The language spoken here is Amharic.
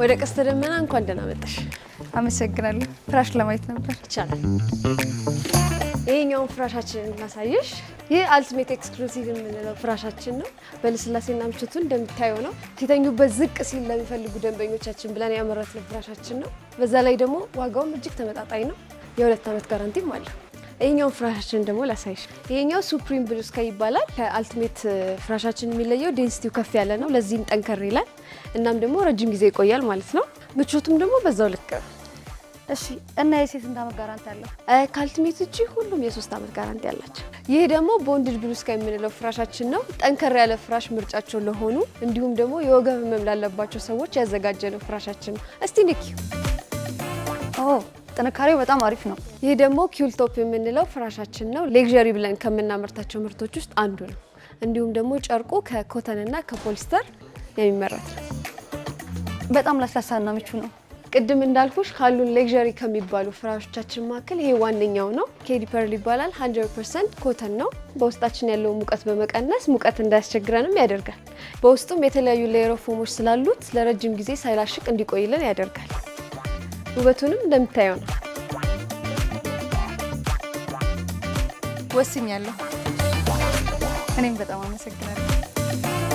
ወደ ቀስተ ደመና እንኳን ደህና መጣሽ። አመሰግናለሁ። ፍራሽ ለማየት ነበር። ይቻላል። ይሄኛውን ፍራሻችንን እናሳየሽ። ይህ አልቲሜት ኤክስክሉሲቭ የምንለው ፍራሻችን ነው። በልስላሴና ምቾቱ እንደምታየው ነው። ሲተኙበት ዝቅ ሲል ለሚፈልጉ ደንበኞቻችን ብለን ያመረትነው ፍራሻችን ነው። በዛ ላይ ደግሞ ዋጋውም እጅግ ተመጣጣኝ ነው። የሁለት ዓመት ጋራንቲም አለው። ይሄኛውን ፍራሻችን ደግሞ ላሳይሽ። ይሄኛው ሱፕሪም ብሉ ስካይ ይባላል። ከአልቲሜት ፍራሻችን የሚለየው ዴንስቲው ከፍ ያለ ነው። ለዚህም ጠንከር ይላል፣ እናም ደግሞ ረጅም ጊዜ ይቆያል ማለት ነው። ምቾቱም ደግሞ በዛው ልክ። እሺ እና የሴት ስንት ጋራንቲ አለው? ከአልቲሜት እጅ ሁሉም የሶስት አመት ጋራንቲ አላቸው። ይህ ደግሞ ቦንድድ ብሉ ስካይ የምንለው ፍራሻችን ነው። ጠንከር ያለ ፍራሽ ምርጫቸው ለሆኑ እንዲሁም ደግሞ የወገብ ህመም ላለባቸው ሰዎች ያዘጋጀ ነው ፍራሻችን። እስቲ ንኪ ጥንካሬው በጣም አሪፍ ነው። ይህ ደግሞ ኪውልቶፕ የምንለው ፍራሻችን ነው። ሌክዠሪ ብለን ከምናመርታቸው ምርቶች ውስጥ አንዱ ነው። እንዲሁም ደግሞ ጨርቁ ከኮተንና ከፖሊስተር የሚመረት ነው። በጣም ለስላሳና ምቹ ነው። ቅድም እንዳልኩሽ ካሉን ሌክዠሪ ከሚባሉ ፍራሾቻችን መካከል ይሄ ዋነኛው ነው። ኬዲ ፐርል ይባላል። 100% ኮተን ነው። በውስጣችን ያለውን ሙቀት በመቀነስ ሙቀት እንዳያስቸግረንም ያደርጋል። በውስጡም የተለያዩ ሌየር ኦፍ ፎሞች ስላሉት ለረጅም ጊዜ ሳይላሽቅ እንዲቆይልን ያደርጋል። ውበቱንም እንደምታየው ነው። ወስኛለሁ። እኔም በጣም አመሰግናለሁ።